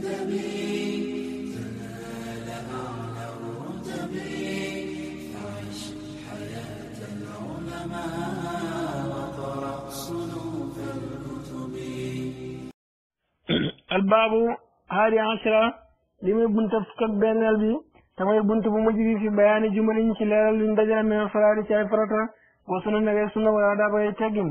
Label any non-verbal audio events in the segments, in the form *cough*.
الأدب تنال أعلى الرتب فعش حياة العلماء واقرأ صنوف الكتب الباب هذه عشرة لمي بنت فكك بين البي تمام بنت بمجري في بيان جمل ci leral luñ dajale min farali ci ay farata wa sunna ngay sunna wa da bay tegin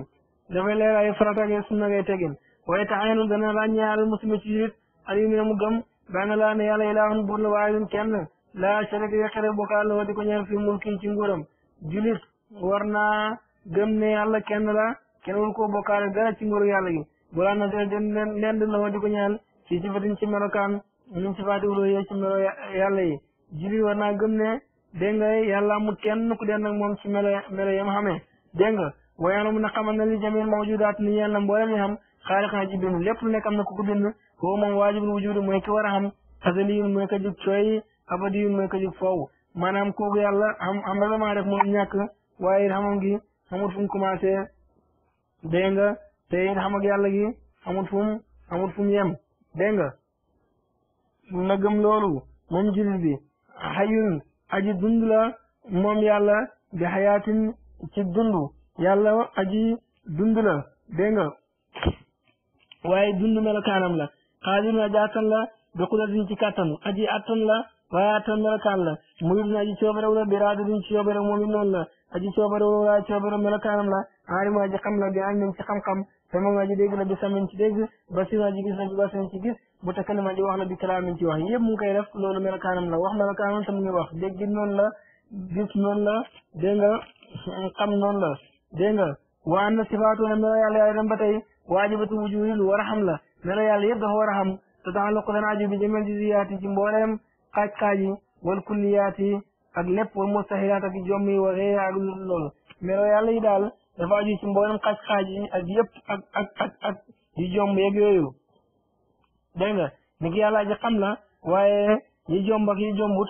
dafay leral ay farata ngay sunna ngay tegin wa ta'ayinu dana raññal muslimi ci an yumina mu gëm baana laa ne yàlla ilaahun buur la waayun kenn laa sharika yeqare bokkaal la di ko ñeel fi mulkin ci nguuram julit war naa gëm ne yàlla kenn la kenn wul koo bokkaale dara ci nguuru yàlla gi bulaa nasee d nend la di ko ñeel ci sifatin ci melokaan min sifaati uluhiyya ci melo yàlla yi julit war naa gëm ne dégg nga yàlla amul kenn ku den ak moom ci melo melo yam xamee dégg nga wayaana mun na xamal na li jamil mawjudaat ni ñeel na mboolem yi xam xaaliqan ji bind lépp lu nekk am na ku ko bind koo moom waajibul wujudi mooy ki war a xam asaliyun mooy ka jug cooy abadiyun mooy ka jug foow maanaam ko yàlla am am rasamaa def moom ñàkk waaye it xamam gi amul fu mu commencé dégg nga te yàlla gi amul fu mu amul yem dégg nga loolu moom jullit bi xayun aji dund moom yàlla bi xayaatin ci dund yàlla aji dund la dégg nga waaye dund la xaadimu aji attan la bi qudratin ci kàttan aji attan la waaye attan melokaan la muriidun aji coobarew la bi raadidun ci coobarew moom it noonu la aji coobarew la waaye coobarew melokaanam la aalimu aji xam la bi almin ci xam-xam sama aji dégg la bi samin ci dégg basirun aji gis la bi basirin ci gis mutakallim aji wax la bi kalaamin ci wax yëpp mu ngi koy def loolu melokaanam la wax melokaanam te mu ngi wax dégg noonu la gis noonu la dégg nga xam noonu la dégg nga waan na sifaatu na melo yàlla yàlla dem ba tey waajibatu wujuhi lu war a xam la melo yàlla yëpp dafa war a xam te taxalluq dana aju bi jamel jisiyaat yi ci mbooleem xaaj-xaaj yi wal kulliyaat yi ak lépp wal mustahilaat ak jommi wa xeeya ak loolu melo yàlla yi daal dafa aju ci mbooleem xaaj-xaaj yi ak yëpp ak ak ak ak yi jomb yeeg yooyu ni ki yàlla aji xam la waaye yi jomb ak yi jombut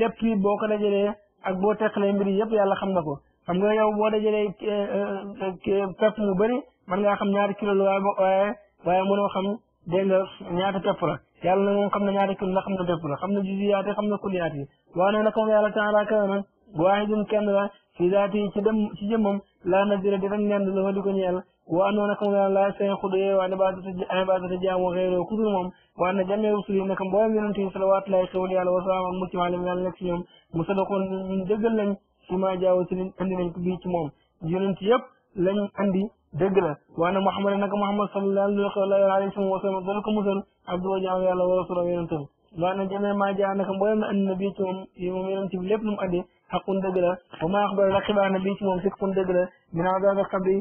lépp yi boo ko dajalee ak boo teqalee mbir yëpp yàlla xam na ko xam nga yow boo dajalee eh, eh, eh, pepp mu bari mën ngaa xam ñaari kilo waaye waaye mënoo xam dégg nga ñaata tepp la yàlla na moom xam na ñaata kul la xam na tepp la xam na jusiyaat yi xam na kuliyaat yi waaye nag nag yàlla taala kawe na waahidun kenn la fi zaati yi ci dem ci jëmmam laa nazira di rek nend la di ko ñeel waa noonu nag yàlla laa seen xuduyee waa ne baasata jaamu xeeroo ku dul moom waa ne jamee rusul yi nag mboolem yonent yi salawaatu laahi xewal yàlla wa salaam mucc ma lim yàlla nekk si ñoom mu sadakoon ñun dëggal lañ si maa jaaw si liñ andi nañ ko bii ci moom yonent yëpp lañ andi dëgg la waana Muhammad naka Muhammad sallallahu alayhi wa sallam dana ko musal abdou jaam yàlla wa rasulam yonentam waana jamee maa jaa naka mboolem na andi na bii ci moom yi moom yonent bi lépp lu mu andi xaqun dëgg la wa maa axbar la xibaar na bii ci moom sikkun dëgg la min adaaba qabri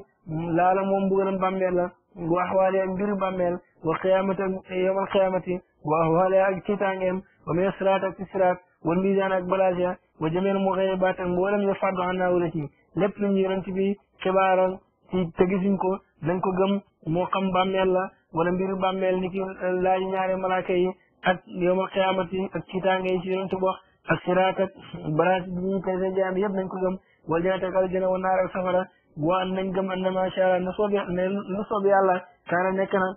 laala moom mbugalam bàmmeel la wa axwaali ak mbiru bàmmeel wa qiyaamati ak eh, yowmal qiyaamati wa ahwaali ak tiitaangeem wa min siraat ak ci siraat wal misaan ak balaas ya wa jamee mu xëy baat ak mboolem ya fàddu xanaa wala ci lépp lu ñu yonent bi xibaaral ci te gisuñ ko dañ ko gëm moo xam bàmmeel la wala mbiru bàmmeel ni ki euh, laaj ñaare malaaka yi ak yowmal xiyaamati ak kiitaange yi ci yonent wax ak siraat ak baraas bi ñuy tese jaam yëpp nañ ko gëm wala a ak aljana wa naar ak safara waa nañ gëm na macha allah na soob ne lu soob yàlla kaana nekk na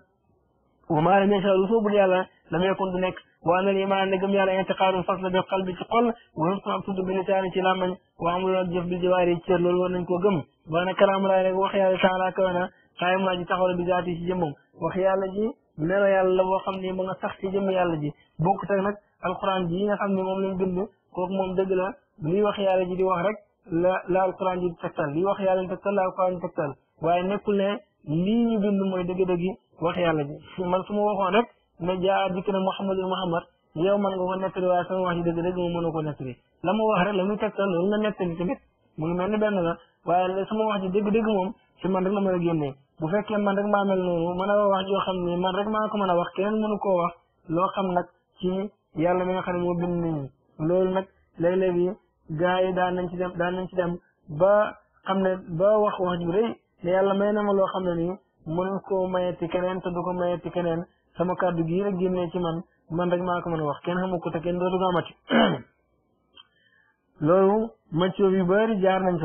wa maa lam yasha lu soobul yàlla lam yakun du nekk waa na limaan ne gëm yàlla intiqaadul fasla ci xol wa nutqun ak tudd bi lisaani ci làmmañ wa amul ak jëf bi jawaari cër nañ koo gëm maa na kalaamulaay rek wax yàlla taala kawe na xaayam naa ji taxawal bi zaati ci jëmmam wax yàlla ji melo yàlla la boo xam ne ma nga sax ci jëmm yàlla ji bokkut ak nag alquran ji yi nga xam ne moom lañ bind kooku moom dëgg la liy wax yàlla ji di wax rek la la alquran ji di tegtal liy wax yàlla di tegtal la alquran di tegtal waaye nekkul ne lii ñu bind mooy dëgg-dëgg wax yàlla ji man su ma waxoon rek ne jaa dikk na Muhammadul Muhammad yow man nga ko nettali waaye sama wax ji dëgg-dëgg moom mënoo ko nettali la ma wax rek la muy tegtal loolu nga nettali tamit mu ngi mel ni benn la waaye sama wax ji dëgg-dëgg moom si man rek la mën a génnee bu fekkee man rek maa mel noonu mën a wax joo xam ne man rek maa ko mën a wax keneen mënu koo wax loo xam nag ci yàlla mi nga xam ne moo bind nit ñi loolu nag léeg-léeg yi gaa yi daan nañ ci dem daan nañ ci dem ba xam ne ba wax wax ju rëy ne may na ma loo xam ne nii ko koo ti keneen te du ko mayeti keneen sama kàddu gi rek génnee ci man man rek maa ko mën a wax kenn xamu ko te kenn dootu ko amati *coughs* loolu macoo yu bari jaar nañ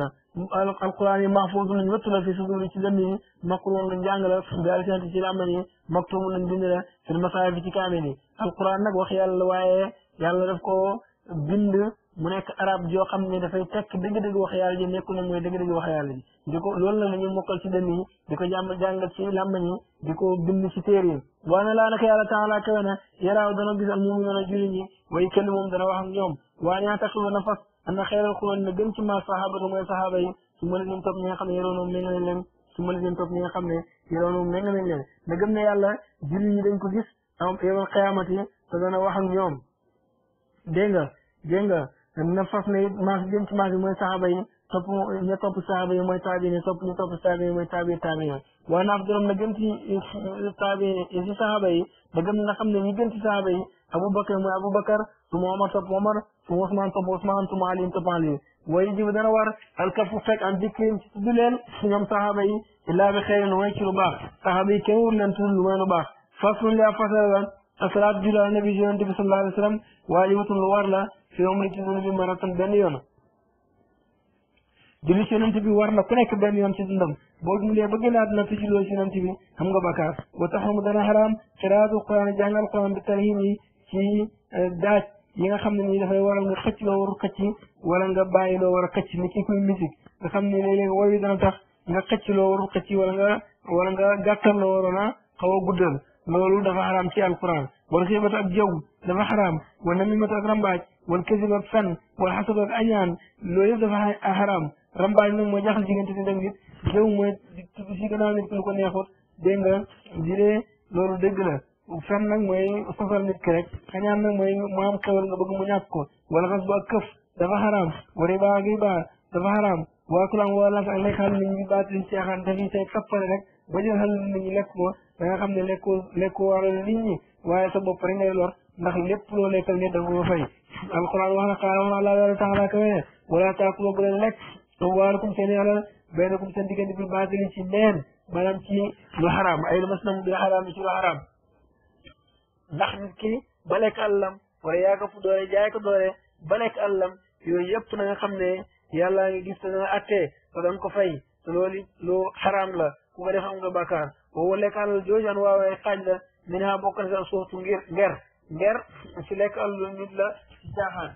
alquran yi mahfuz nañ wëttu la fi suduri ci dënn yi makruun nañ jàng la daal sent ci làmmañ yi maktuum nañ bind la fil masaahif ci kaamil yi alquran nag wax yàlla waaye yàlla daf ko bind mu nekk arab joo xam ne dafay tekk dëgg-dëgg wax yàlla ji nekku na mooy dëgg-dëgg wax yàlla ji di ko loolu la nañu mokkal ci dënn yi di ko jàmm jàngal ci làmmañ yi di ko bind ci téere yi waana laa naka yàlla taala kawe na yaraaw dana gis al muminuuna jullit ñi way kenn moom dana wax ak ñoom waane yataqilu nafas ana xeeral xuraan na gën ci ma saxaabatu mooy saxaaba yi su mën leen topp ñi nga xam ne yoroonoo ménga nañ leen su mën leen topp ñi nga xam ne yoroonoo ménga nañ leen na gëm ne yàlla julli ñi dañ ko gis am yomal xiyaamat yi te dana wax ak ñoom dégg nga dégg nga na fas ne maas jëm ci maas bi mooy saxaaba yi topp ña topp saaba yi mooy taabi ni topp ñu topp saaba yi mooy taabi taabi yi waaye naa doon na gën ci taabi ci saaba yi ba gën nga xam ne ñi gën ci saaba yi abubakar mooy abubakar tuma omar topp omar tuma osman topp osman tuma ali topp ali waaye jibi dana war alkafu fekk an dikkiin ci tudd leen ñoom saaba yi illaa bi xëy na mooy ci lu baax saaba yi kenn wut leen tudd lu mooy lu baax fasul yaa fasal lan asalaat julaa nabi yonente bi sallallahu alayhi wa sallam waaye wutul lu war la fi omri ci dund bi maratan benn yoon julli ci yonent bi war na ku nekk benn yoon ci dundam boo jumlee ba gën a àdduna te julloo ci yonent bi xam nga bakkaar wa taxamu dana xaraam xiraatu quran jàngal quran bi tarhim yi ci eh, daaj yi nga xam ne nii dafay waral nga xëcc loo war a xëcc wala nga bàyyi loo war a xëcc ni ci kuy musique nga xam ne léeg-léeg woy wi dana tax nga xëcc loo war a xëcc wala nga wala nga gàttal loo waroon a xaw a guddal loolu dafa xaraam ci alquran wal xiibata ak jaww dafa xaraam wal namimata ak rambaaj wal kasiba ak fen wal xasada ak añaan loolu yëpp dafa xaraam rambaaj nag mooy jaxal diggante nit ak nit jëw mooy di tudd si gannaaw nit ki lu ko neexut loolu dëgg la fen nag mooy safar nit ki rek xañaan nag mooy mu am xewal nga bëgg mu ñàkk ko wala xas bu ak këf dafa xaraam wari baa gi baa dafa xaraam waakulaam walaat ak lekk xam nit ñi baatiliñ ci axaan dafiñ say tappale rek ba jël xal nit ñi lekk ko da nga xam ne lekkoo lekkoo waral nit ñi waaye sa bopp rek ngay lor ndax lépp loo lekk amwaalukum seen alal baynakum seen diggante bil baatili ci neen maanaam ci lu xaraam ay mas nam bil xaraam ci lu xaraam ndax nit ki ba lekk àllam wala yaa ko fu doole jaay ko doole ba lekk àllam yooyu yëpp na nga xam ne yàllaa ngi gis te dana attee te ko fay te loolu lu xaraam la ku ko def am nga bàkkaar boobu la mi naa bokk na si am suuf tu ngir nger nger si lekk àllu nit la caaxaan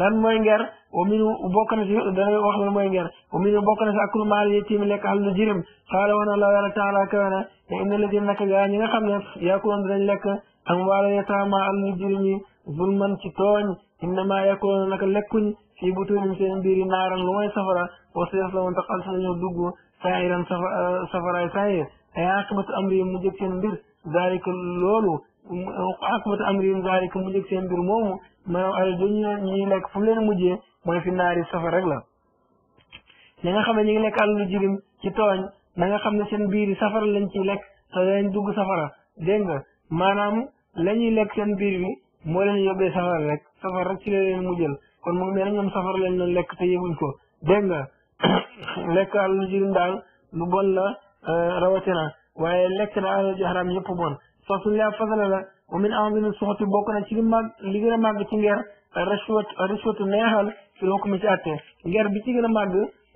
lan mooy nger wa minu bokk na ci dana wax lan mooy nger wa minu bokk na ci akulu maal yi tiim lekk xal lu jirim xaala woon Allah yàlla taala kawe la naka gaa ñi nga xam ne yaakuloon dinañ lekk am waala yataama al lu jirim yi zulman ci tooñ innama yaakuloon naka lekkuñ fii butuunim seen biir yi naaran lu mooy safara wa sees la woon te xal sanañu dugg saayiran safaraay saayir ay aqibatu amri mu jëg seen mbir daalika loolu akbatu amrihim zalika mu jëg seen mbir moomu maanaam alal dañu ñuy lekk fu mu leen mujjee mooy fi naari safar rek la ñi nga xam ne ñu ngi lekk alalu jirim ci tooñ na nga xam ne seen biir safara lañ ciy lekk te dugg safara dégg nga maanaam la lekk seen biir bi moo leen yóbbee safara rek safara rek ci la leen mujjal kon mu mel ne ñoom safara lañ doon lekk te yëguñ ko dégg nga *coughs* lekk alalu jirim daal lu bon la euh, rawatina waaye lekk na alal ju xaraam bon soxna laa fasala la wa min a'zami suxati bokk na ci li mag li gën a màgg ci ngeer rishwat rishwatu neexal fil hukmi ci atte ngeer bi ci gën a màgg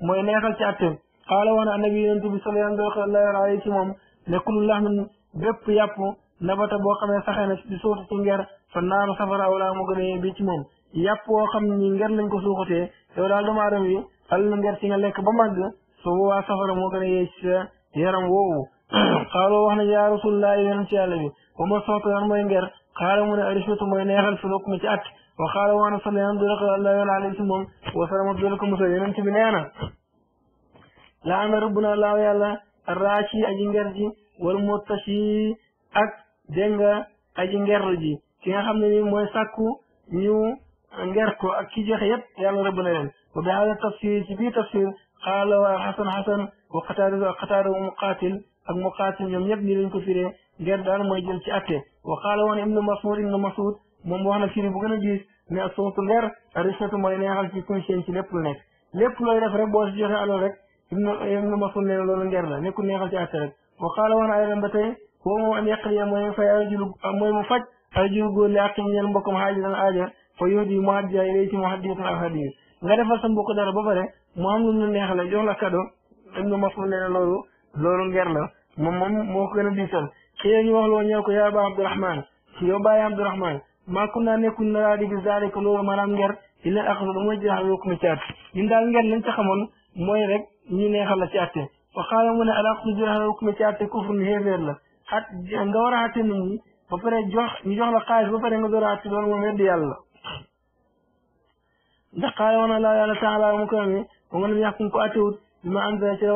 mooy neexal ci atte xaala wax na annabi yonent bi sallallahu alayhi wa sallam moom ne kullu lahmin bépp yàpp nabata boo xamee saxee na ci suuxati ci ngeer fa naaru safara wala mu gën a bi ci moom yàpp woo xam ni ngeer lañ ko suuxatee yow daal doomu aadama yi al ngeer ci nga lekk ba màgg su boobaa safara moo gën a yee ci sa Hmm. قالوا وحنا يا رسول الله إذا نتي على بي وما صوت يرمي نجر قالوا من أرشفة ما ينهل في لقمة أك وقالوا وانا صلي عن درق الله يلا عليه سمهم وسلم أبدالكم سيدنا نتي بنيانا لعن ربنا الله يا الله الراشي أجنجر جي والمتشي أك دنجا أجنجر جي كي أخبنا نيو مويساكو نيو أنجركو أكي جيخ يب يا الله ربنا يلا وبهذا التفسير جبي تفسير قال حسن حسن وقتاله قتاله مقاتل ak muqaasim ñoom ñëpp nii lañ ko firee ger daal mooy jël ci atte wa qaala woon ibnu mas'ud ibnu mas'ud moom wax na firi bu gën ne assuutu ger arisatu lu nekk lépp looy def rek boo si joxe alal rek ibnu ibnu mas'ud nee na loolu nger la nekkul neexal ci atte rek wa qaala woon aydan ba tey foo moom an yaqliya mooy fay arajulu mooy mu faj arajulu góor li àq ñeel mbokkam xaaji dan aaja fa yóodi mu haddiya ilay ci mu haddiyatan aw hadiya nga defal sa mbokk dara ba pare mu am lu neex la jox la kado ibnu mas'ud nee na loolu moom moom moo ko gën a diisal kii ñu wax loo ñëw ko yaa ba Abdourahman yow bàyyi Abdourahman maa kun naa nekkul na laa di bi zaalika loolu maanaam nger di leen axlu ba mooy jeexal yokku na ci àtte ñun daal nger lañ ca mooy rek ñu neex la ci àtte wa xaala mu ne alaxlu jeexal yokku na ci àtte kufur ni xéeféer la at nga war a àtte nit ñi ba pare jox ñu jox la xaalis ba pare nga door a àtte loolu moom weddi yàlla ndax xaala woon na laa yàlla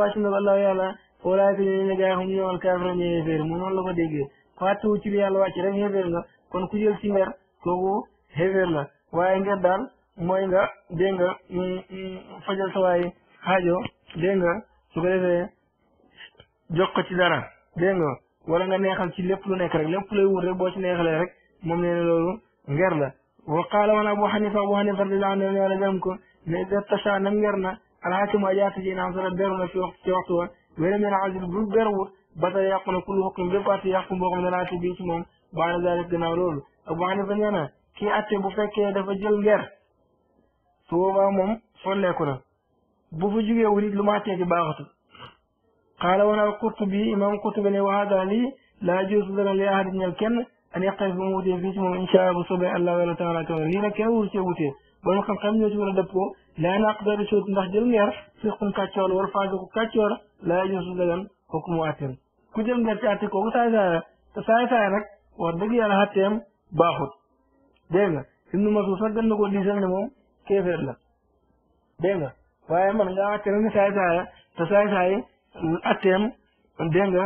taala olaay te ñooñu ne gaa yi ñu yomal kaafiroon ñu yéeféer mu noonu la ko déggee fàttewu ci bi yàlla wàcc rek xéeféer kon ku jël ci ngar kooku xéeféer la waaye ngar daal mooy nga dégg nga mm, mm, fajal sa waay xaajo dégg nga su ko defee jox ko ci dara dégg nga wala nga neexal ci lépp lu nekk rek lépp lay wut rek boo ci neexalee rek moom nee na loolu ngar la wa qaala woon abu xanifa abu xanifa radiyallahu anhu yàlla gërëm ko ne da tasa nam ngar na alxakimu ajaata ji naam sara beru na fi waxtu ci waxtu wa wéra men azil bu garawut ba tey yàqu na kullu xukm bépp atte yàqu boo xam ne danaa bii ci moom baada zalik gannaaw loolu Abu Hanifa ki na kii atte bu fekkee dafa jël nger su boobaa moom solleeku na bu fa jugee wu nit lu ma attee di baaxatu qaala wana al-Qurtubi imam Qurtubi ne wa hada lii laa yajuuzu dara li ahadin ñel kenn an yaxtalifa mu wutee fii ci moom insha Allah bu soobee Allah wala taala taala lii nag kenn wuru cee wutee borom xam-xam ñoo ci war a dëpp ko laa ndax jël nger fiqun kàccoor wala laa yëngatu dagan kooku mu àtteem ku jëm nag ci àtte kooku saay saay la te saay saay nag wax dëgg yàlla àtteem baaxut dégg nga Ibnu Mas'ud sax gën na koo diisal ne moom kéeféer la dégg nga waaye man nga àtte na ne saay saay la te saay saay àtteem dégg nga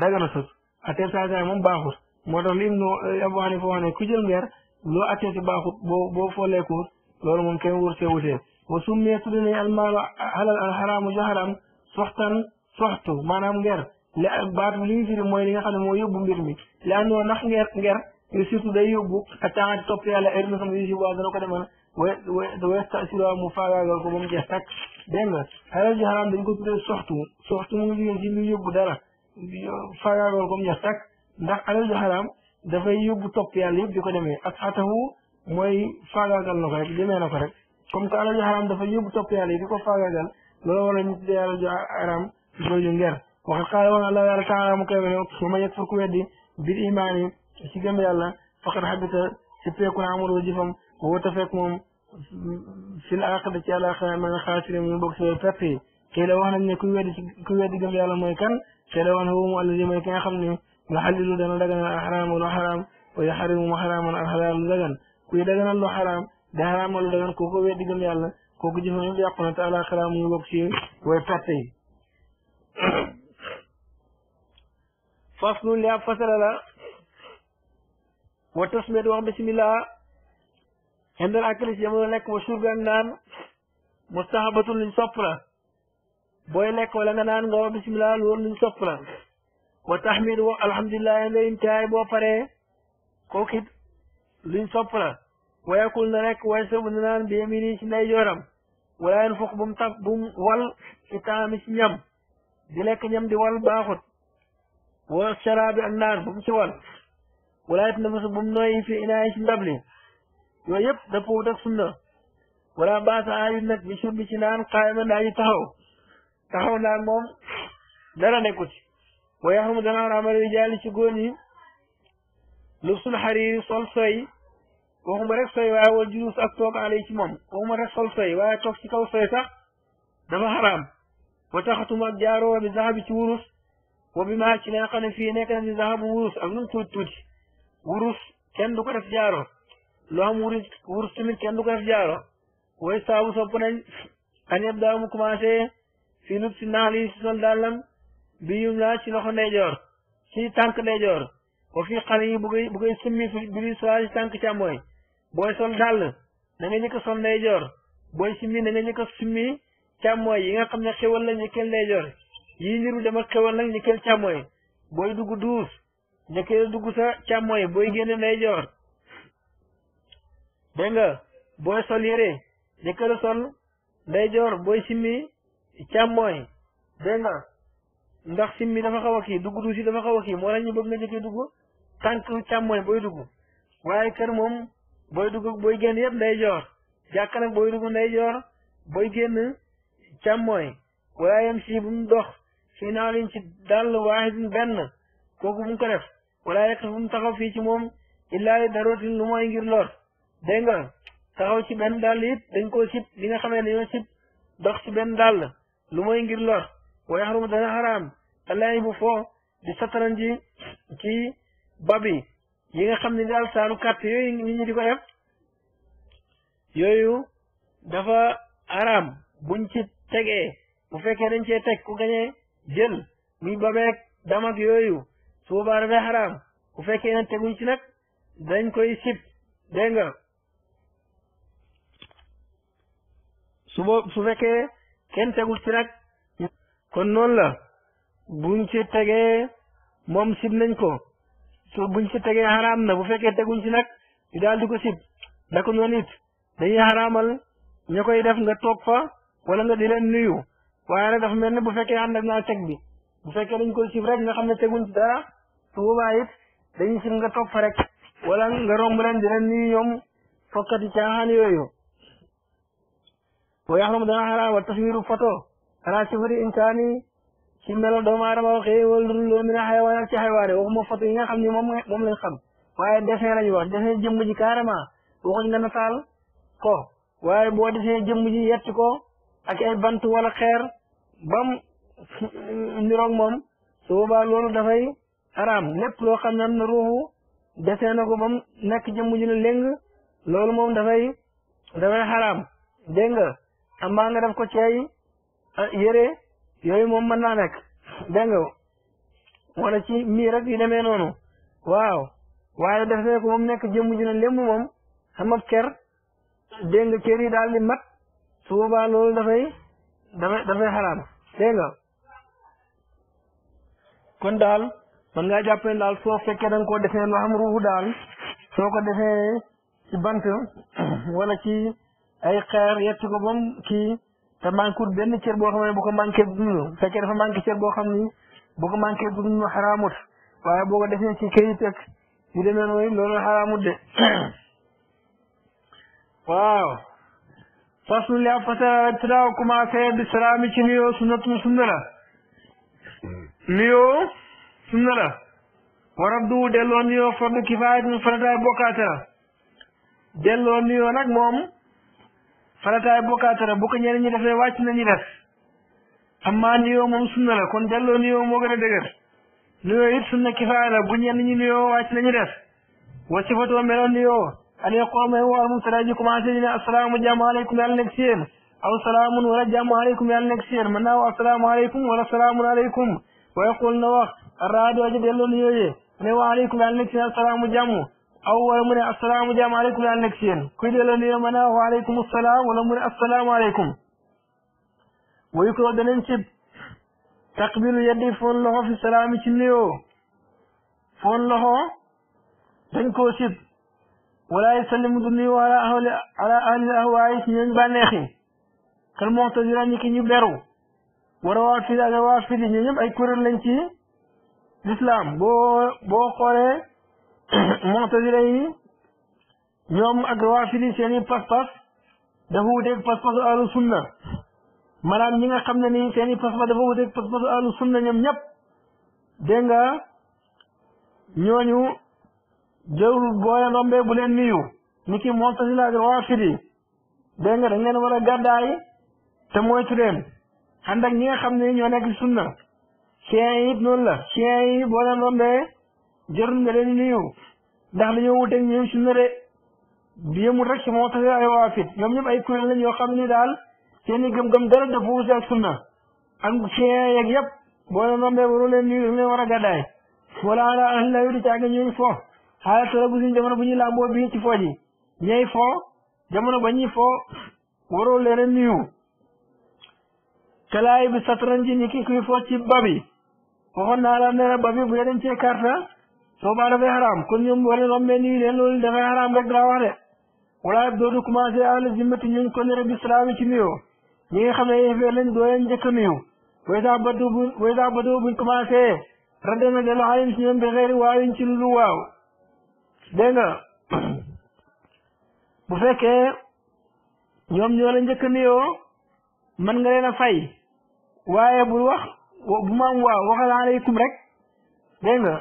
dagana sut àtteem saay saay moom baaxut moo tax li Ibnu Abu Hanifa wax ne ku jël ngeer loo àttee ci baaxut boo boo fooleekuut loolu moom kenn wër see wutee wa summee tudd nañ almaalu alal alxaraamu ju xaraam manam maanaam nger ak baat li ñu firi mooy li nga xam ne moo yóbbu mbir mi la andoo nax nger nger nga surtout day yóbbu ak tàngaati topp yàlla heure nga xam ne yusuf waa dana ko demal westasiroa mu faagaagal ko ba mu jeex takk dégg nga xalal ji xaraam dañ ko tuddee soxtu soxtu mu ngi jigéen ci lu yóbbu dara faagaagal ko mu jeex takk ndax xalal ji xaraam dafay yóbbu topp yàlla yëpp di ko demee ak atahu mooy faagaagal na ko rek demee na ko rek comme que xalal ji xaraam dafay yóbbu topp yàlla yi di ko faagaagal loolu wala ñu tuddee xalal ji xaraam جوجنجر وقد قال وان الله يعرف تعالى مكيمن ثم يتفرق يدي بالإيمان سيقم يالله فقد حبت سيكون عمر وجفهم وهو تفاكمهم في الآخرة تعالى من الخاسر من بوكس وفاتي كي لو أن يكون يدي قم يالله ميكان كي لو أن هو الذي ميكان يخمني يحلل دانا لغن الأحرام والأحرام ويحرم محرام الحلال لغن كي لغن الله حرام دهرام الله لغن كوكو يدي قم يالله كوكو جفهم يدي أقنا تعالى خرام من بوكس وفاتي faslun li ab fasala la wa tasmiyat wax bismillah xendal akali si jamono lekk wa surga naan mustahabatun luñ sopp la booy lekk wala nga naan nga wax bismillah loolu luñ sopp la wa tahmid wa alhamdulillah nga intaay boo paree kooku it luñ sopp la wa yakul na rek way sabu na naan bi yamini si ndey jooram wala yan fuk bu mu tab bu mu wal ci taami si ñam di lekk ñam di wal baaxut wa sharaabi ak naan bu mu ci wal wala it nafasu bu mu nooyi fi inaay ci ndab li yooyu yëpp dëppoo ak sunna wala baasa aayut nag bi sur bi ci naan xaayiman daaji taxaw taxaw naan moom dara nekku ci wa yaxrumu dana aramal rijaali ci góor ñi lubsul xariiri sol soy waxuma rek soy waaye wal julus ak toog alay ci moom waxuma rek sol soy waaye toog ci kaw soy sax dafa xaraam wa taxatum ak jaaroo bi zahabi ci wurus wa bi maa ci li nga xam ne fii na di zahabu wurus ak nu mu tuuti tuuti wurus kenn du ko def jaaroo loo xam wurus wurus tamit kenn def jaaroo way saabu sopp nañ an yëpp daaw mu commencé fii lu si naax lii si sol dàllam bi yum ci loxo ndeyjoor ci tànk ndeyjoor wa fii xale yi bu koy bu koy summi bi li soxla ci tànk càmmooy sol dàll na nga njëkk a sol ndeyjoor booy simmi na a càmmooy yi nga xam ne xewal la ñu kenn lay joor yii niru dama xewal nag ñu kenn càmmooy booy dugg duus njëkkee dugg sa càmmooy booy génn lay joor dégg nga booy sol yére njëkkee sol nday joor booy simmi càmmooy dégg nga ndax simmi dafa xaw a kii dugg duus yi dafa xaw a kii moo tax ñu bëgg nga njëkkee dugg tànk càmmooy booy dugg waaye kër moom booy dugg booy génn nday joor jàkka nag booy dugg nday joor booy génn càmmooñ wala yamsi bu mu dox fii naalin ci dàll waahidin benn kooku bu ko def wala yekk taxaw fii ci moom illaa li darutin lu mooy ngir lor dégg nga taxaw ci benn dàll it dañ koo sib li nga xamee dañoo sib dox ci benn dàll lu mooy ngir lor wa yaxrumu dana xaraam alay bu foo di sataran ji ci babi yi xam ne daal saalu kàtt yooyu nit di ko def yooyu dafa araam buñ ci tegee bu fekkee dañ cee teg ku gañee jël muy babeeg dam ak yooyu su boobaa dafay bu fekkee ne teguñ ci nag dañ koy sib su boob su fekkee kenn tegul kon noonu la buñ ci tegee moom sib nañ ko su buñ ci tegee xaraam na bu fekkee teguñ ci nag ñu daal di ko sib da ko noonu it dañuy xaraamal koy def nga toog fa wala nga di leen nuyu waaye nag bu fekkee ànd ak naa teg bi bu fekkee dañ koy sib rek nga xam ne teguñ ci dara su boobaa it dañuy sib nga toog fa rek wala nga romb leen di leen nuyu ñoom fokkati caaxaan yooyu wa yaxram dana xaraam wa taswiru photo ala sifati insaani wala loo ne xayawaan ak ci xayawaane waxuma photo yi nga xam ni moom moom lañ xam waaye dessin lañu wax dessin jëmm ji carrément waxuñ boo dessin jëmm ji ko ak ay bant wala xeer bam niroog moom su loolu dafay araam lépp loo xam ne na ruuxu desee na ko bam nekk jëmm ju ne loolu moom dafay dafay xaraam dégg nga amaa nga def ko ci ay ah, yére yooyu moom mën naa nekk dégg nga wala ci mii noonu waaw waaye defee ko moom nekk jëmm ju ne lémb moom xam ab ker dégg yi daal di mat su boobaa loolu dafay dafay dafay xaraam dégg nga kon daal man ngaa jàpp ne daal soo fekkee da nga koo defee lu am daal soo ko defee ci bant wala ci ay xeer yett ko bam kii te manquut benn cër boo xam ne bu ko manqué dund fekkee dafa manqué cër boo xam ni bu ko manqué dund xaraamut waaye boo ko defee ci këyit ak yu demee noonu loolu xaraamut de waaw faslu li ab fasal commencé bi salaam ci nuyoo sunnatu sunna la nuyoo sunna la warab du delloo nuyoo fardu kifaaya mu farataay bokkaate la delloo nuyoo nag moom farataay bokkaate la bu ko ñeneen ñi defee wàcc nañu def kon delloo nuyoo moo gën a dëgër nuyoo it sunna kifaaya la bu ñenn ñi nuyoo wàcc ale qoome wal mubtada ji commencé ñu ne asalaamu jàmmaaleykum yàlla nekk si yéen aw salaamun wala jàmmaaleykum yàlla nekk si yéen mën naa wax asalaamualeykum wala salaamualeykum waaye xool na wax raado aji delloo nuyoo yee mu ne waaleykum yàlla nekk si yéen asalaamu jàmm aw wala mu ne asalaamu jàmmaaleykum yàlla nekk si yéen kuy delloo nuyoo mën naa waaleykum salaam wala mu ne asalaamualeykum wayu ko danañ ci taqbilu yeddi foon loxo fi salaami ci nuyoo foon loxo dañ koo sib wala yusallimu du nuyu ahli ala ahli ahwaay si ñooñu bànneexi kal mu'tazila ñi ki ñu beru war a waa fii ak waa ay kuréel lañ lislaam boo boo xoolee *clears throat* mu'tazila yi ñoom ak waa fii seen i pas-pas dafa wuteeg pas-pasu ahlu sunna maanaam ñi nga xam ne nii seen i pas-pas dafa wuteeg pas-pasu ahlu sunna ñoom ñëpp dégg ñooñu. jërul booy ndombee bu leen nuyu ni ki Mu'tazila ak Raafidi dégg nga dañ ne war a gàddaay te moytu leen ànd ak nga xam ne ñoo nekk sunna chiens yi it noonu la chiens yi boo leen rombee jërul nga leen nuyu ndax dañoo wuteeg ñoom sunna de yëmul rek ci Mu'tazila ak Raafid ñoom ñëpp ay kuréel lañ yoo xam ne daal seen i gëm-gëm dara dafa wuute ak sunna ak chiens yeeg yëpp boo leen rombee waru leen nuyu dañ leen war a gàddaay wala ala ahli la yu di caagi ñooñu xaaral tola bu suñ jamono bu ñuy làmboo bii ci fo ji ba ñuy fo waroo leen a nuyu kalaay bi satran ji ni ki kuy fo ci babi waxoon naa la ne babi bu yéen karta soo baa dafay xaraam kon ñoom war leen rombee nuyu leen loolu dafay xaraam rek laa wax de wala doodu commencé àla zimmati ñooñ ko nere bislaami ci nuyoo ñi nga xam ne yéefee lañ dooleen njëkk a nuyu way sa badu way sa badu buñ commencé radde na delu xaalim si ñoom bi xeeri waawuñ ci lu waaw dégg nga bu fekkee ñoom ñoo la njëkk nuyoo mën nga leen fay waaye bul wax bu ma am waaw waxal aleykum rek dégg nga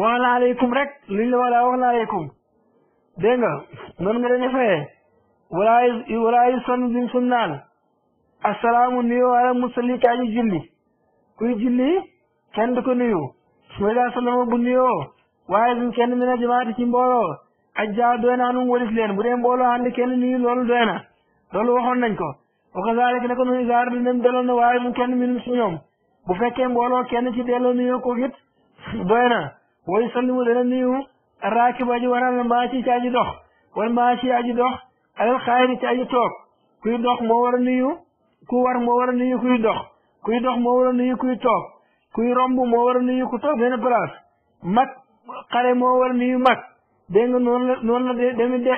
waxal aleykum rek liñ wax laa waxal aleykum dégg nga noonu nga leen a fayee walaa walaa yu sonn duñ sun naan asalaamu nuyoo ala musalli kaa ñu julli kuy julli kenn du ko nuyu su ma daa sallama waaye duñ kenn mën a jamaati ci mbooloo ajjaa doy naa nun walis leen bu dee mbooloo ànd kenn nii loolu doy loolu waxoon nañ ko wa kazalik ne ko nun isaar di nem kenn minum si ñoom bu fekkee mbooloo kenn ci delloo nuyoo ko it doy na way sallimu dana nuyu raakib aji waral maaci ci aji dox wal maaci aji dox alal xaayri ci aji kuy dox moo war a ku war moo war a nuyu kuy dox kuy dox moo war a nuyu kuy toog kuy romb moo war a xale moo war ni yu mag dégg nga noonu la noonu la de demit de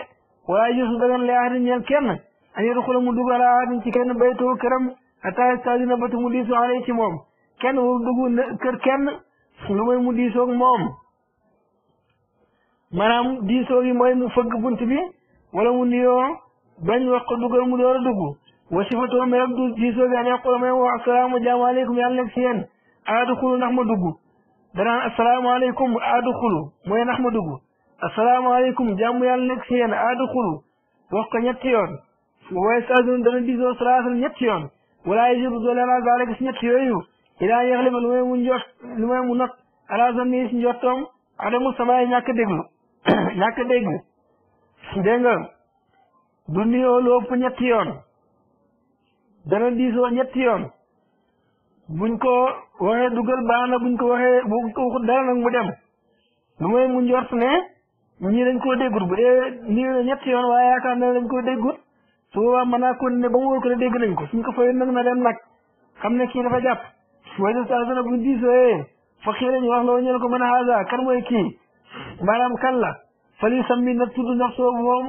wala jus dagan li ahadin ñeel kenn an yadxula mu dugg ala ahadin ci kenn baytoo këram ataa yastadina batu mu diisoo alay ci moom kenn waru dugg kër kenn lu mooy mu diisoog moom maanaam diisoo gi mooy mu fëgg bunt bi wala mu nuyoo bañ wax ko duggal mu door a dugg wa sifatoo melam du diisoo bi an yaqula may wax assalaamu jaamu aleykum yàlla nekk si yéen aadxulu ndax ma dugg danaan asalaamaaleykum aduxulu mooy nax ma dugg asalaamaaleykum jàmm yàlla nekk si yéen aduxulu wax ko ñetti yoon waaye saa dina dana diisoo salaatan ñetti yoon wala yajibu doo leen albaale gis ñetti yooyu ilaa yaxlima lu may mu njot lu may mu not ala zanni si njottoom adamu samaay ñàkk déglu *coughs* ñàkk dégg dégg nga du nuyoo lu ëpp ñetti yoon dana diisoo ñetti yoon buñ ko waxee dugal baax na buñ ko waxee buñ ko waxut dara nag mu dem lu mooy mu njort ne ñii dañ koo déggut bu dee nii la ñetti yoon waaye yaakaar na dañ koo déggut su boobaa ko ne ba mu wóor ko ne dégg nañ ko suñ ko fayoon na dem nag xam ne kii dafa jàpp way de sa sana buñ diisooyee eh, fa xii lañu wax loo ñeen ko mën a haasa kan mooy kii maanaam kan la fali sammi na tudd naf soo boom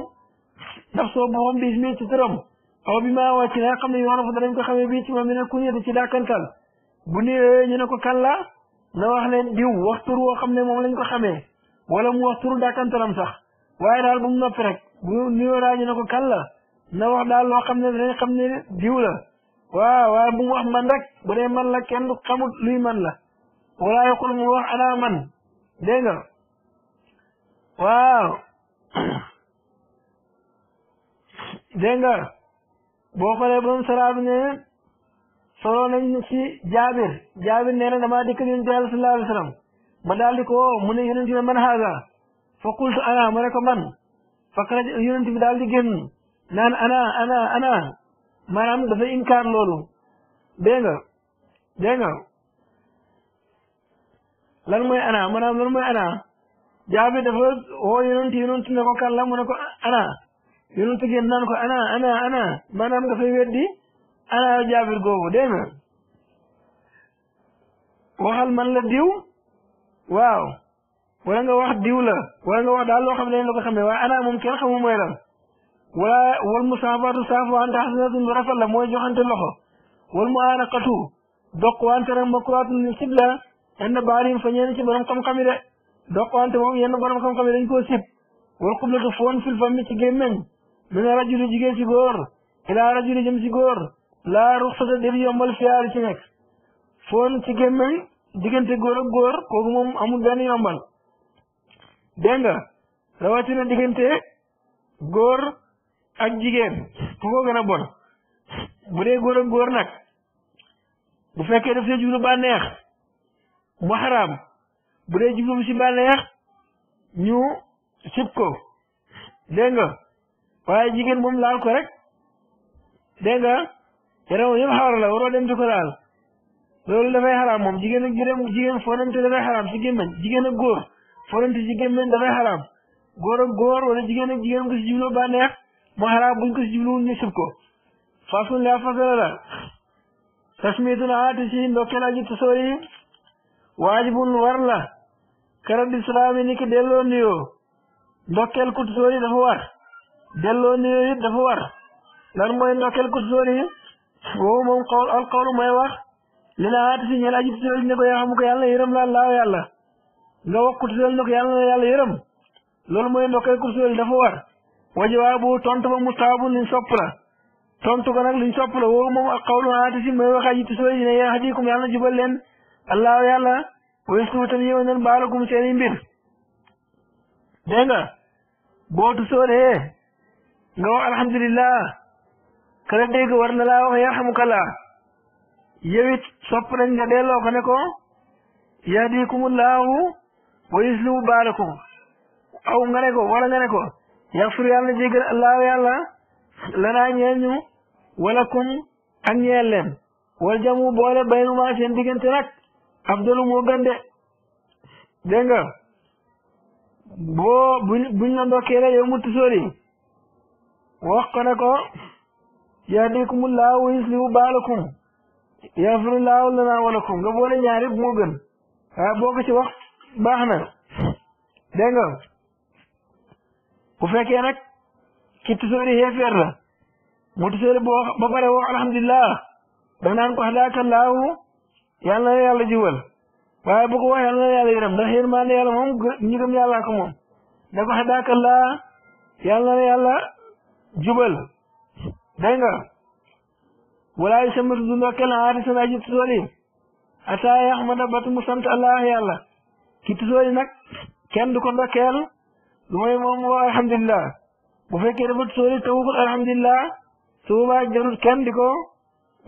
naf soo boom bi mi ci tëram aw bi maa wàcc na xam ne yoon fa danañ ko xamee bii ci moom mi ne ku bu néewee ñu ne ko kan la na wax leen diw waxtur woo xam ne moom lañ ko xamee wala mu waxtur dàkkantalam sax waaye daal bu mu noppi rek bu néewee daal ñu ne ko kan la na wax daal loo xam ne dañ xam ne diw la waaw waaye bu mu wax man rek bu dee man la kenn du xamut luy man la wala yaqul mu wax ana man dégg nga waaw *coughs* dégg nga boo xoolee borom sara bi ne solo nañ ci jaabir jaabir nee na damaa dikk yonent yàlla sallallahu alayhi ma daal di ko woo mu ne yonent man haaga fa qultu ana ma ne man fa xaraj yonent bi daal di génn naan ana ana ana maanaam dafa lan mooy ana maanaam dafa woo yonent yonent ne ko kan la mu ko ana yonent génn naan ko ana ana ana maanaam dafay weddi ana jaabir googu dégg nga waxal man la diw waaw wala nga wax diw la wala nga wax daal loo xam ne la ko xam ne waaye ana moom kenn xamu mooy lan wala wal musaafaatu saafu wante xasanatun lu rafet la mooy joxante loxo wal mu aanaqatu doq wante rek makuraatun ñu sib la yenn baalim fa ñeen ci borom xam-xam yi de doq wante moom yenn borom xam-xam yi dañ koo sib wal xublatu foon fil fam mi ci gémmeñ mu ne rajulu jigéen ci góor ilaa rajulu jëm ci góor laa ruxsata déet yombal fiyaari ci nekk foon ci gémmeñ diggante góor ak góor kooku moom amul benn yombal dégg nga rawatina diggante góor ak jigéen ku ko gën bon bu dee góor ak góor nag bu fekkee daf see jublu bànneex mu xaraam bu dee jublu si bànneex ñu sib ko dégg nga jigéen moom laal ko rek dégg yaram yëpp xawar la waroo dem di ko laal loolu dafay xaraam moom jigéen ak jërëm jigéen fonante dafay xaraam si gémmeñ jigéen ak góor fonante si gémmeñ dafay xaraam góor ak góor wala jigéen ak jigéen ko si jublu bànneex moo xaraam buñ ko si jubluwul ñu sib ko façon la fasala la tasmiyatun aati si ndokkeel aji tasoo yi waajibun war la karat islaam yi ni ko delloo nuyoo ndokkeel ku tasoo yi dafa war delloo nuyoo it dafa lan mooy ndokkeel ku tasoo yi woowu moom xaw alqawlu mooy wax li la aati si ñeel aji tuddal ne ko yaa xam ko yàlla yërëm la laaw yàlla nga wax ku tuddal ne ko yàlla na yàlla yërëm loolu mooy ndokkee ku tuddal dafa war wajawaabu tontu ba mustaabu liñ sopp la tontu ko nag liñ sopp la woowu moom alqawlu aati si mooy wax aji tuddal ne yaa hadikum yàlla jubal leen allaaw yàlla wéstu tam yéwén leen baalakum seeni mbir dégg nga boo tuddee nga wax alhamdulillah kala dégg na laa wax yarhamukallah yow it sopp nañ nga delloo ko ne ko wa yuslimu baalakum aw nga ne ko wala nga ne ko yaxfir allahu yàlla lanaa ñeel ñu wala kum ak ñeel leen boole baynuma seen diggante nag abdalu moo de dégg boo buñ buñ la ndokkee mu tisóori wax ko yahdikumullahu wa yuslihu baalakum yaxfirullahu lana wa lakum nga boole ñaari moo gën waaye boo ko ci wax baax na dégg nga bu fekkee nag ki tisóori xeefeer la mu tisóori boo ba pare wax alhamdulilah daf naan ko hadakallaahu yàlla na yàlla jiwal waaye bu ko wax yàlla na yàlla yërëm ndax yërmande yàlla moom ñu gëm yàlla ko moom da ko hadakallaa yàlla na yàlla jubal dégg nga walaay samir du ndokkeel aarisan aji tusooli ataa yaxmada bat mu sant allah yàlla ki tusooli nag kenn du ko ndokkeel lu mooy moom alhamdulilah bu fekkee dafa tusooli tawukul alhamdulilah su boobaa kenn di ko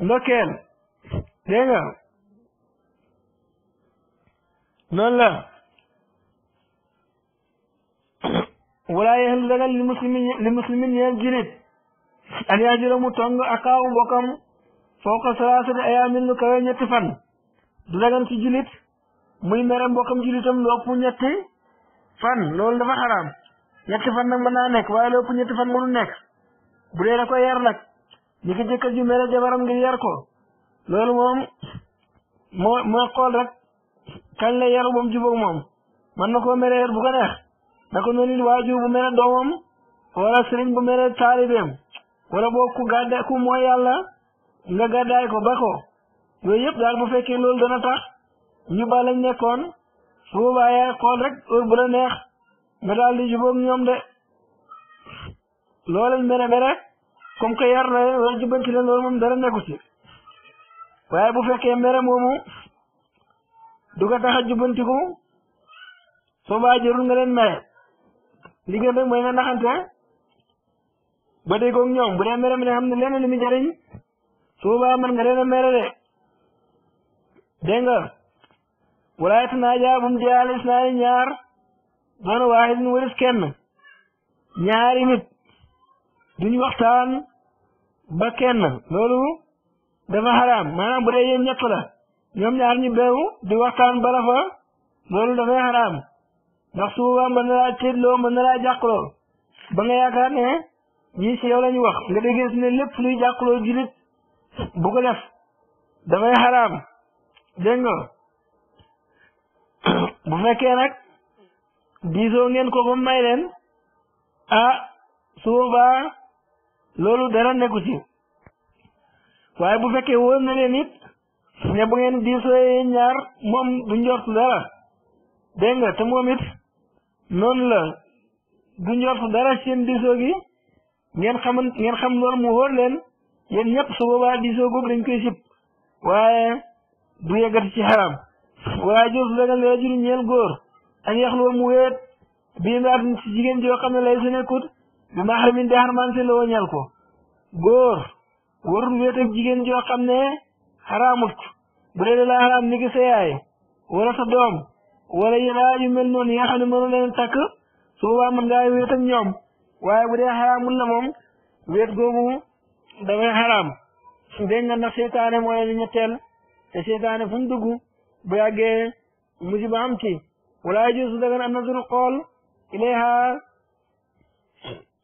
ndokkeel dégg nga noonu la walaa yaxlu dagal li muslimin li muslimin ñeen julit an yaajira mu tong ak kaaw mbokkam fooqa salaasati ayaamin lu kawe ñetti fan du dagan ci julit muy mere mbokkam julitam lu ëpp ñetti fan loolu dafa xaraam ñetti fan nag mën naa nekk waaye lu ëpp ñetti fan mënu nekk bu dee da ko yar nag ni ko jëkkër ju mere jabaram ngir yar ko loolu moom moo mooy xool rek kañ la yaru moom jubóog moom mën na koo mere bu ko neex na ko noonu waajur bu mere doomam wala sëriñ bu mere taalibeem wala boo ku gàdda ku mooy yàlla nga gàddaay ko ba ko yooyu yëpp daal bu fekkee loolu dana tax ñu ba lañ nekkoon su boobaa yaa xool rek heure bu la neex nga daal di jubóog ñoom de loolañ mene be rek comme que yar la wala jubanti la loolu moom dara nekku bu fekkee mere moomu du ko tax a jubantiku soo baa jërul nga leen mere li gën rek mooy ba déggoog ñoom bu dee mere mi ne xam ne leneen lu mu jariñ suuba man nga leen a mere de dégg nga walaayet naaja bu mu jeexal isnaani ñaar doon waaxit nu waris kenn ñaari nit duñ waxtaan ba kenn loolu dafa xaraam maanaam bu dee yéen ñett la ñoom ñaar ñu beew di waxtaan bala loolu dafay xaraam ndax suuba mën na laa tiitloo mën na laa jàqloo ba nga yaakaar ne ñii si yow la ñu wax nga déggee ne lépp luy jàkkuloo julit bu ko def dafay xaraam dégg nga *coughs* bu fekkee nag diisoo ngeen ko ba may leen ah su loolu dara nekku ci waaye bu fekkee wóor na leen it ne bu ngeen diisoo yéen moom du njort dara dégg nga te moom it noonu la du njort dara seen diisoo gi ngeen xam ngeen xam loolu mu wóor leen yéen ñëpp su boobaa diisoo googu waaye du yeggati ci xaram waaye jur dagal la jur ñeel góor mu weet bii ndaatin si jigéen joo xam ne lay su nekkut bi mahramin di xarmaan si la woo ko góor warul weet ak jigéen joo xam ne xaraamut bu dee la xaraam ni ki sa sa doom wala yenaa yu mel noonu yi nga xam ne mënu leen takk su boobaa mën ñoom waaye bu dee xaraamul na moom wéet googu dafay xaraam dégg nga ndax seytaane mooy li ñetteel te seytaane fu bu yàggee musiba am ci wala yajuuzu dagan an nazru xool ilayha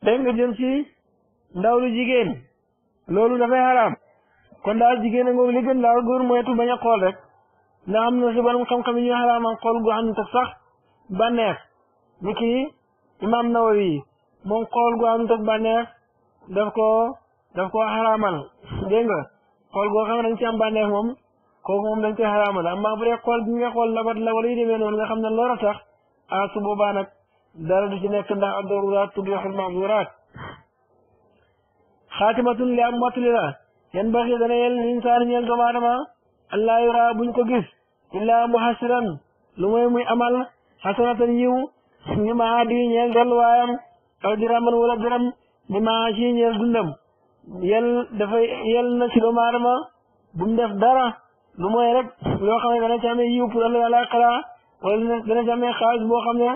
dégg nga jëm ci ndaw lu jigéen loolu dafay xaraam kon daal jigéen a ngoog li gën daal góor moytu bañ a xool rek ndax na si borom xam-xam yi ñuy xaraamal xool gu xam ne sax bànneex ni ki imam Nawawi moom xool gu am tëb bànneex daf koo daf koo xaraamal dégg nga xool goo xam ne moom ko moom dañ koy xaraamal amma bu dee xool gi nga xool labat la wala yu demee noonu nga xam ne loola tax a ah su boobaa nag dara du ci nekk ndax ad-daruraat tubihul mahzuraat xaatimatun li am mottali la yan baxi dana yel insaan ñeel doomu aadama allah yura buñ ko gis illaa muhasiran lu mooy muy amal xasanatan yiw ñu maa di ñeel delluwaayam aw diraman wala diram li maa ci ñeel yel dafay yel na ci doomu aadama bu def dara lu mooy rek loo xam ne dana ci amee yiw pour wala dana ci amee xaalis boo xam ne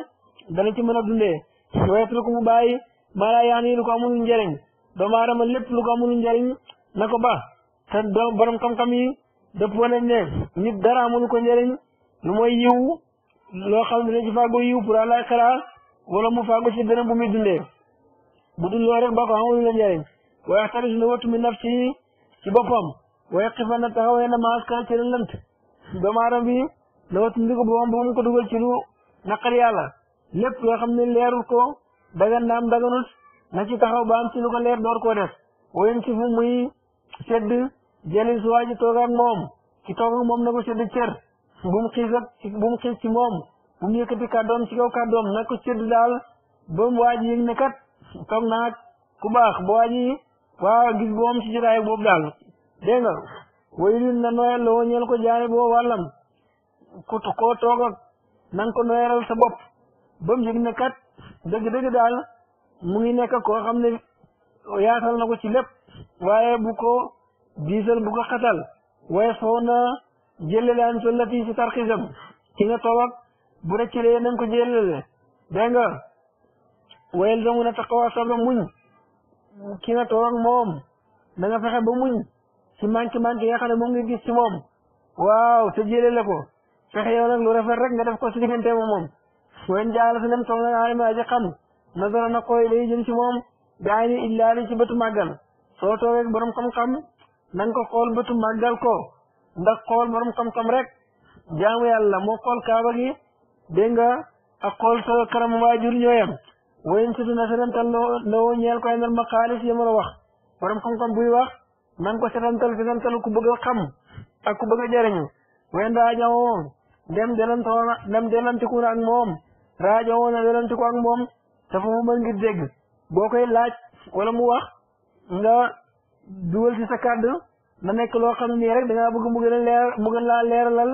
dana ci mën a dundee wayetlu ko mu bàyyi maa laa yaani lu ko amul njëriñ doomu aadama lépp lu ko amul njëriñ ko ba te doom borom xam yi dëppoo nañ ne nit dara amul ko njëriñ lu mooy yiw loo ne dana ci fàggu yiw wala mu faagu ci beneen bu muy dundee bu dul loolu rek ba ko amul la njëriñ waaye tamit na wattu mi naf ci ci boppam waaye xifan na taxaw na maaskan ci lënt doomu bi na wattu ndi ko boppam ba ko dugal ci lu naqar yàlla lépp loo xam ne leerul ko dagan naam daganut na ci taxaw ba am ci lu ko leer door koo def wayen fu muy sedd jëli suwaa ji toog ak moom ci toog na ko sedd cër bu mu xiis ak bu mu ngi yëkkati kàddoom ci kaw kàddoom na ko cëdd daal ba mu waaj ne kat toog naag ku baax ba waaj yi gis boom ci jotaay boobu daal dégg nga na noyal loo ñeel ko jaane boo wàllam ku koo toogoon na nga ko noyalal sa bopp ba mu ne kat dëgg-dëgg daal mu ngi nekk ko xam ne yaatal na ko ci lépp waaye bu ko diisal xatal waaye foo na jële laan sa lati si tarxisam ki nga toog bu rëccalee nañ ko jëlale dégg nga wayel zongu na taqwa sabra muñ ki nga toog moom da nga fexe ba muñ ci manque manque nga xam ne moom nga gis ci moom waaw te jëlale ko fexe yow nag lu rafet rek nga def ko si diggante ma moom wen jaala sa dem toog na alima aji xam nazara na koy day jëm ci moom gaa yi illaali ci bëtu màggal soo toogee borom xam-xam na nga ko xool bëtu màggal ko ndax xool borom xam-xam rek jaamu yàlla moo xool kaaba gi dégg nga ak sa karam waajur ñooyam wayen sutu na setantal loo ñeel ko anal ma xaalis wax borom xam-xam buy wax na ko setantal setantal a xam ak ku bëgg a jariñu wayen raajowoon dem delantoona dem delantiku na ak moom raajowoon a delantiku ak moom dafa mu mën ngir dégg boo koy laaj wala mu wax nga dugal ci sa na nekk loo xam nii rek da ngaa mu gën a leer mu gën laa leeralal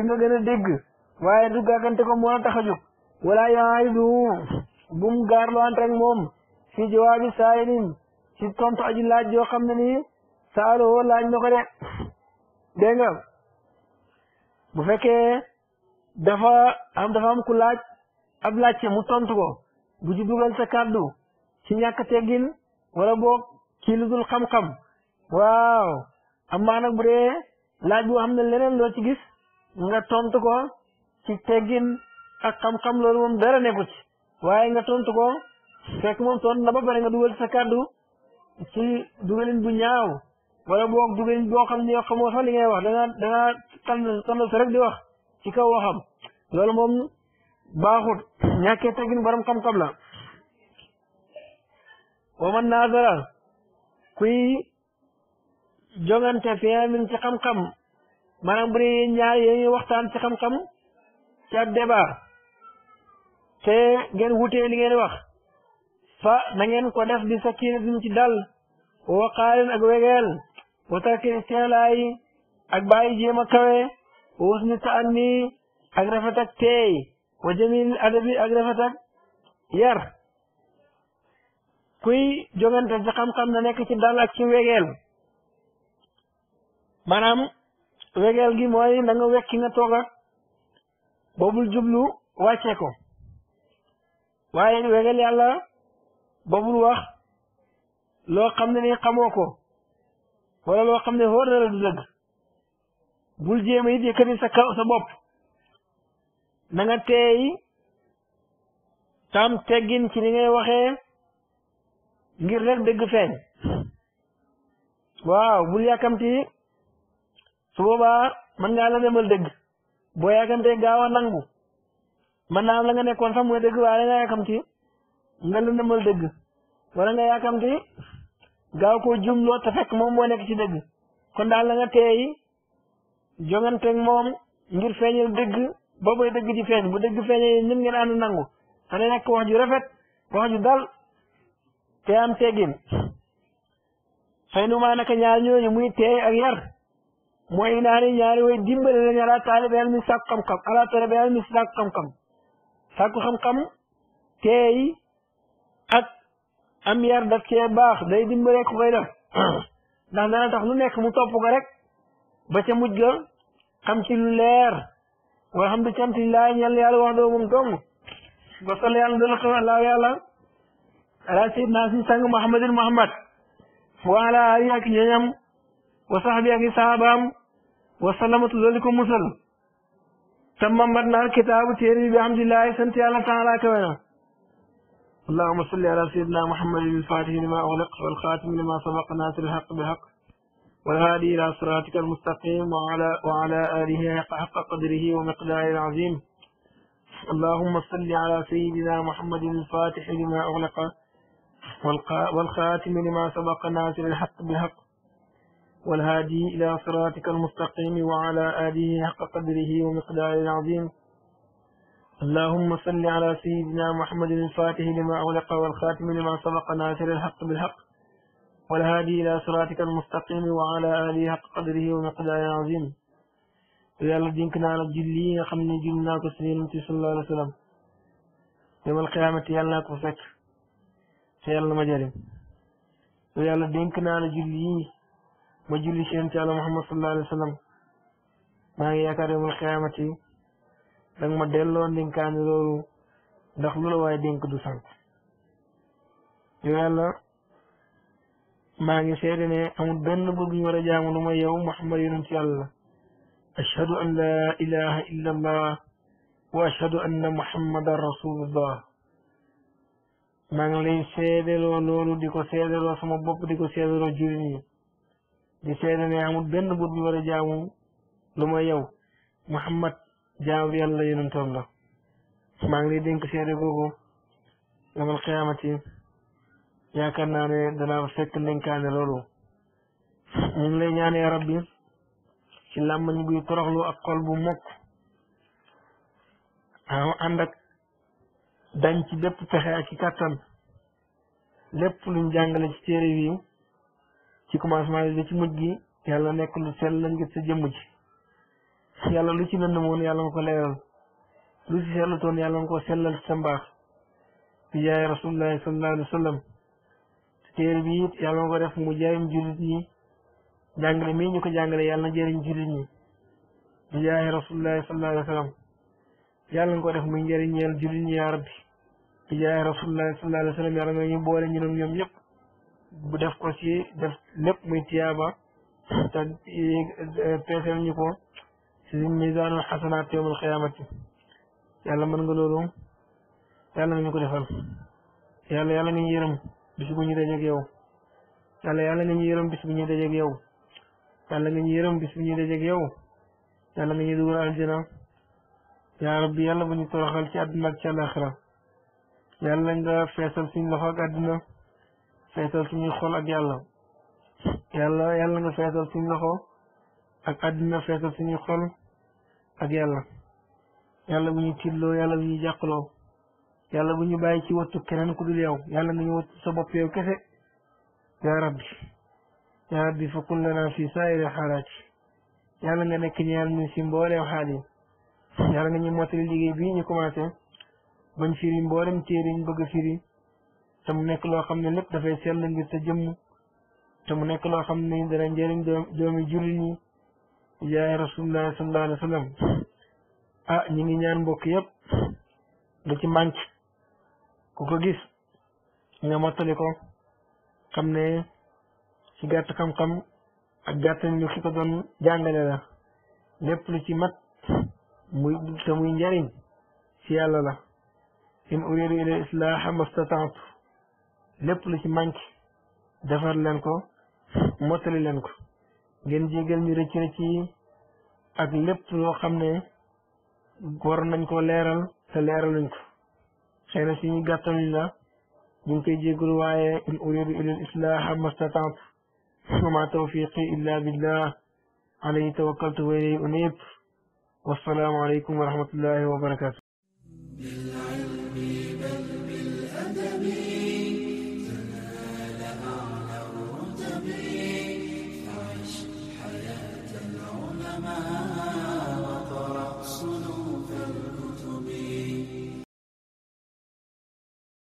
a dégg waaye du gàggante ko moo tax a jóg wala yaaydu bum gaarloante ak moom fi jawaabi saayilin ci tontu aji laaj yoo xam ne nii saalo laaj na ko de dégg nga bu fekkee dafa am dafa am ku laaj ab laajte mu tontu ko bu ci dugal sa kàddu ci ñàkk teggin wala boog ci dul xam-xam waaw amaa nag bu dee laaj xam ne leneen loo ci gis nga tontu ko ci teggin ak xam-xam loolu moom dara nekku ci waaye nga tontu ko fekk moom tontu na ba pare nga dugal sa kàddu ci dugalin bu ñaaw wala boog dugalin boo xam ne yoo xamoo sax li ngay wax da nga da nga di wax ci kaw waxam loolu moom baaxut ñàkkee teggin borom xam-xam la wa man naadara kuy jongante fi min ci xam-xam maanaam bu dee waxtaan ci xam-xam ca débat te ngeen wutee li ngeen wax fa na ngeen ko def bi sakinatin ci dal waqaarin ak wegeel wa tarki istihlaayi ak bàyyi jéem a kawe wa husni ta'anni ak rafet ak teey wa jamil adabi ak rafet ak yar kuy jogante ci xam-xam na nekk ci dal ak ci wegeel maanaam wegeel gi mooy na nga wekki nga toog ak boobul jublu wàccee ko waaye wegal yàlla boobul wax loo xam ne ni xamoo ko wala loo xam ne wóor na la du dëgg bul jéem a it yëkkati sa kaw sa bopp na nga teey tam teggin ci ni ngay waxee ngir rek dëgg feeñ waaw bul yàkkamti su boobaa mën ngaa la demal dëgg boo yàggamtee gaaw a nangu mën naa la nga nekkoon sax mooy dëgg waaye nga yàkkamti nga lëndëmal dëgg wala nga yàkkamti gaaw koo jumloo te fekk moom moo nekk ci dëgg kon daal la nga teey jonganteeg moom ngir feeñal dëgg ba bay dëgg di feeñ bu dëgg feeñee yéen ñëpp ngeen ànd nangu xanaa nekk wax ju rafet wax ju dal te am teggin fay nu maa naka ñaar ñooñu muy teey ak yar موي ناري ياري يعني وي ديمبال لا نيا طالب علم ساقم كم على طالب علم ساقم كم ساقو خم كم تي اك ام يار داك سي باخ داي ديمبال كو غيرا *clears throat* دا نانا تخ لو نيك مو توپو غا ريك با تي موجا خم سي لو لير والحمد لله تي لا نيال يال و دو موم دوم لا يالا على سيدنا سيدنا محمد محمد وعلى آله وصحبه وصحبه وصحبه وسلم تلولكم مسلم مرنا الكتاب تيري بحمد الله سنتي على تعالى كوينا اللهم صل على سيدنا محمد الفاتح لما أغلق والخاتم لما سبق الناس الحق بالحق والهادي إلى صراطك المستقيم وعلى وعلى آله حق, قدره ومقداره العظيم اللهم صل على سيدنا محمد الفاتح لما أغلق والخاتم لما سبق الناس الحق بالحق والهادي إلى صراطك المستقيم وعلى آله حق قدره ومقداره العظيم اللهم صل على سيدنا محمد الفاتح لما أغلق والخاتم لما سبق ناصر الحق بالحق والهادي إلى صراطك المستقيم وعلى آله حق قدره ومقداره العظيم يا الذين naa على julli nga جلنا ne صلى الله عليه وسلم يوم القيامة يا wa sallam يا xiyaamati yàlla naa ko fekk على yàlla ma julli ci yonent Yàlla Muhammad sallallahu alayhi wa sallam maa ngi yaakaar yawmal qiyaamati danga ma delloo ndénkaane loolu ndax lu la waaye dénk du sant yow yàlla maa ngi seede ne amul benn buur bu ñu war a jaamu lu ma yow Muhammad yonent Yàlla la an laa ilaha illa allah wa ashadu anna muhammadan rasulullah maa ngi lay seedeloo loolu di ko seedeloo sama bopp di ko seedeloo jullit ñi di seede ne amul benn bur bi war a jaamu lu mooy yow Muhammad jaamu yàlla yonentoom la maa ngi lay dénk seede googu yamal xiyaamati yaakaar naa ne danaa fekk ndénkaane loolu ñu ngi lay ñaanee rabbi ci làmmañ buy toroxlu ak xol bu mokk waaw ànd ak dañ ci bépp pexe ak ci kàttan lépp luñ jàngale ci téere yi ci commencement bi ba ci mujj gi yàlla nekk lu sell la ngir sa jëmm ci yàlla lu ci lëndëm woon yàlla nga ko leeral lu ci sellutoon yàlla nga ko sellal sa mbaax bi jaay rasulullahi sallallahu alayhi wa sallam téere bi it yàlla nga ko def mu jaayum jullit ñi jàngale mii ñu ko jàngale yàlla na jëriñ jullit ñi bi jaay rasulullahi sallallahu alayhi wa sallam yàlla nga ko def muy njëriñ ñeel jullit ñi yaa rabbi bi jaay rasulullahi sallallahu alayhi bu def ko ci def mu muy tiyaaba te eh, peeseel ñu ko ci misaanul xasanaat yawmul xiyaamati yàlla mën nga loolu yàlla nañu ko defal yàlla yàlla nañu yërëm bis bu ñu dajeeg yow yàlla yàlla nañu yërëm bis bu ñu dajeeg yow yàlla nga ñu yërëm bis bu ñu dajeeg yow yàlla nga ñu dugal aljana yaa rabbi yàlla bu ñu toroxal ci àdduna ak ci àlaxira yàlla nga feesal suñ loxo ak àdduna feesal suñuy xol ak yàlla yàlla yàlla nga feesal suñu loxo ak àddina suñuy xol ak yàlla yàlla bu ñu tiitloo yàlla bu ñu jàqloo yàlla bu ñu bàyyi ci wattu keneen ku dul yow yàlla nga ñu wattu sa bopp yow kese yaa rabbi yaa rabbi fa kun lana fi saa'iri xaalaati yàlla nga nekk ñaan ñu si mbooleem xaal yi yàlla nga ñu mottali liggéey bii ñu commencé bañ firi mboolem téere ñu bëgg firi te mu nekk loo xam ne lépp dafay sell ngir sa jëmm te mu nekk loo xam ne dana njëriñ doomi jullit ñi yaay rasulullah sallallahu alayhi wa sallam ah ñi ngi ñaan mbokk yëpp lu ci mànc ku ko gis nga mottali ko xam ne ci gàtt xam-xam ak gàtt lu ki ko doon jàngale la lépp lu ci mat muy te muy njëriñ ci yàlla la in uridu ila islaaha mastata'tu lépp lu ci manqué defar leen ko mottali leen ko ngeen jégal ñu rëcc ak lépp loo xam ne war nañ ko leeral leeral nañ ko xëy si suñu gàttaluñ la ñu ngi koy jégalu waaye in uridu ila islaaha mastatant wa ma tawfiqi illa billah alayhi tawakkaltu wa ilayhi unib wassalaamu aleykum wa rahmatullahi wa barakatu